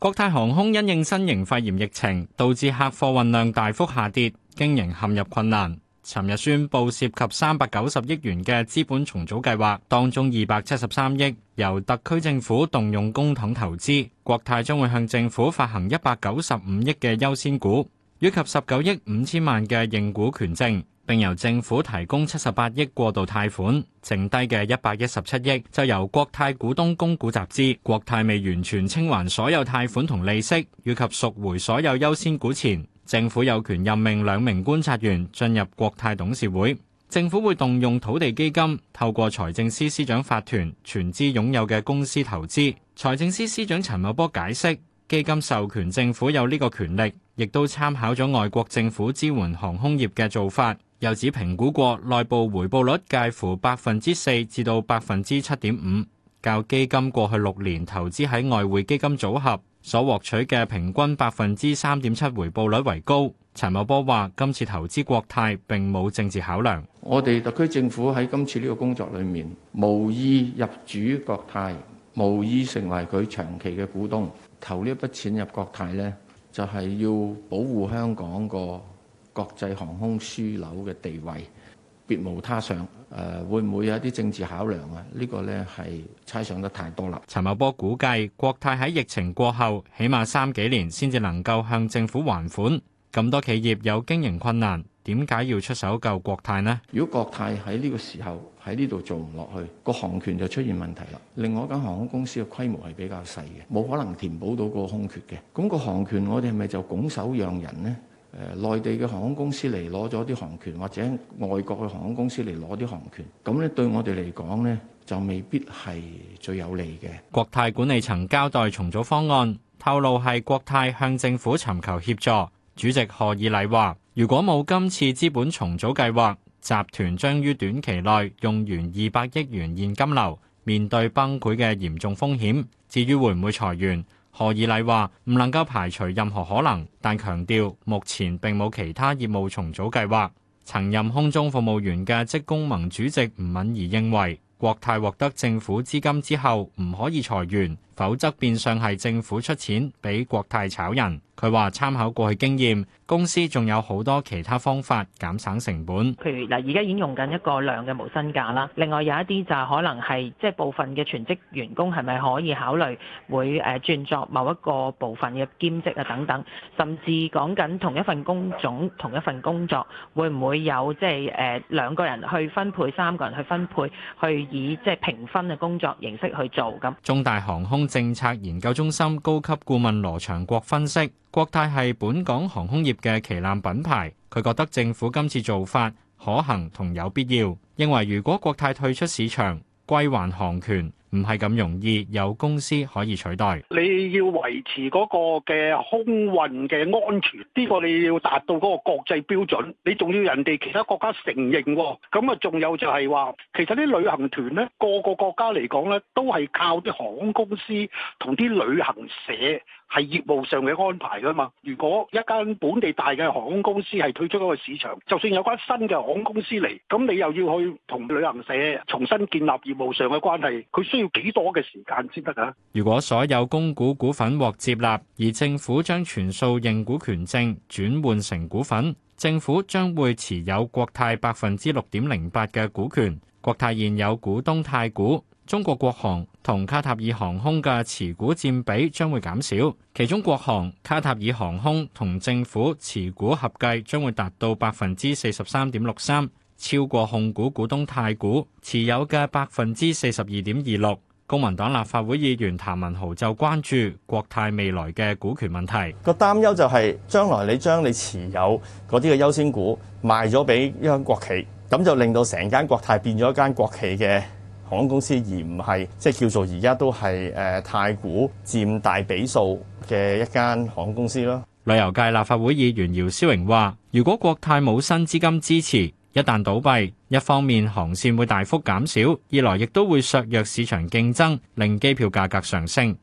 國泰航空因應新型肺炎疫情，導致客貨運量大幅下跌，經營陷入困難。尋日宣布涉及三百九十億元嘅資本重組計劃，當中二百七十三億由特區政府動用公帑投資，國泰將會向政府發行一百九十五億嘅優先股，以及十九億五千萬嘅認股權證。並由政府提供七十八億過渡貸款，剩低嘅一百一十七億就由國泰股東供股集資。國泰未完全清還所有貸款同利息，以及贖回所有優先股前，政府有權任命兩名觀察員進入國泰董事會。政府會動用土地基金，透過財政司司長法團全資擁有嘅公司投資。財政司司長陳茂波解釋，基金授權政府有呢個權力，亦都參考咗外國政府支援航空業嘅做法。又指評估過內部回報率介乎百分之四至到百分之七點五，較基金過去六年投資喺外匯基金組合所獲取嘅平均百分之三點七回報率為高。陳茂波話：今次投資國泰並冇政治考量，我哋特區政府喺今次呢個工作裏面無意入主國泰，無意成為佢長期嘅股東。投呢一筆錢入國泰呢，就係要保護香港個國際航空樞紐嘅地位，別無他想。誒、呃，會唔會有一啲政治考量啊？呢、呢個呢係猜想得太多啦。陳茂波估計，國泰喺疫情過後，起碼三幾年先至能夠向政府還款。咁多企業有經營困難，點解要出手救國泰呢？如果國泰喺呢個時候喺呢度做唔落去，個航權就出現問題啦。另外一間航空公司嘅規模係比較細嘅，冇可能填補到個空缺嘅。咁、個航權我哋係咪就拱手讓人呢？誒，內地嘅航空公司嚟攞咗啲航權，或者外國嘅航空公司嚟攞啲航權，咁咧對我哋嚟講呢就未必係最有利嘅。國泰管理層交代重組方案，透露係國泰向政府尋求協助。主席賀以禮話，如果冇今次資本重組計劃，集團將於短期內用完二百億元現金流，面對崩潰嘅嚴重風險。至於會唔會裁員？何以禮話唔能夠排除任何可能，但強調目前並冇其他業務重組計劃。曾任空中服務員嘅職工盟主席吳敏儀認為，國泰獲得政府資金之後唔可以裁員。否則變相係政府出錢俾國泰炒人。佢話參考過去經驗，公司仲有好多其他方法減省成本。譬如嗱，而家已經用緊一個量嘅無薪假啦。另外有一啲就係可能係即係部分嘅全職員工係咪可以考慮會誒轉作某一個部分嘅兼職啊等等，甚至講緊同一份工種、同一份工作，會唔會有即係誒兩個人去分配，三個人去分配，去以即係平分嘅工作形式去做咁。中大航空政策研究中心高級顧問羅祥國分析，國泰係本港航空業嘅旗艦品牌，佢覺得政府今次做法可行同有必要，認為如果國泰退出市場，歸還航權，唔係咁容易，有公司可以取代。你要維持嗰個嘅空運嘅安全，呢個你要達到嗰個國際標準，你仲要人哋其他國家承認、哦。咁啊，仲有就係話，其實啲旅行團咧，各個國家嚟講咧，都係靠啲航空公司同啲旅行社。係業務上嘅安排㗎嘛？如果一間本地大嘅航空公司係退出嗰個市場，就算有間新嘅航空公司嚟，咁你又要去同旅行社重新建立業務上嘅關係，佢需要幾多嘅時間先得㗎？如果所有公股股份獲接納，而政府將全數認股權證轉換成股份，政府將會持有國泰百分之六點零八嘅股權。國泰現有股東太股。中國國航同卡塔爾航空嘅持股佔比將會減少，其中國航、卡塔爾航空同政府持股合計將會達到百分之四十三點六三，超過控股股東太古持有嘅百分之四十二點二六。公民黨立法會議員譚文豪就關注國泰未來嘅股權問題，個擔憂就係將來你將你持有嗰啲嘅優先股賣咗俾一間國企，咁就令到成間國泰變咗一間國企嘅。航空公司而唔係，即係叫做而家都係誒太古佔大比數嘅一間航空公司咯。旅遊界立法會議員姚思榮話，如果國泰冇新資金支持，一旦倒閉，一方面航線會大幅減少，二來亦都會削弱市場競爭，令機票價格上升。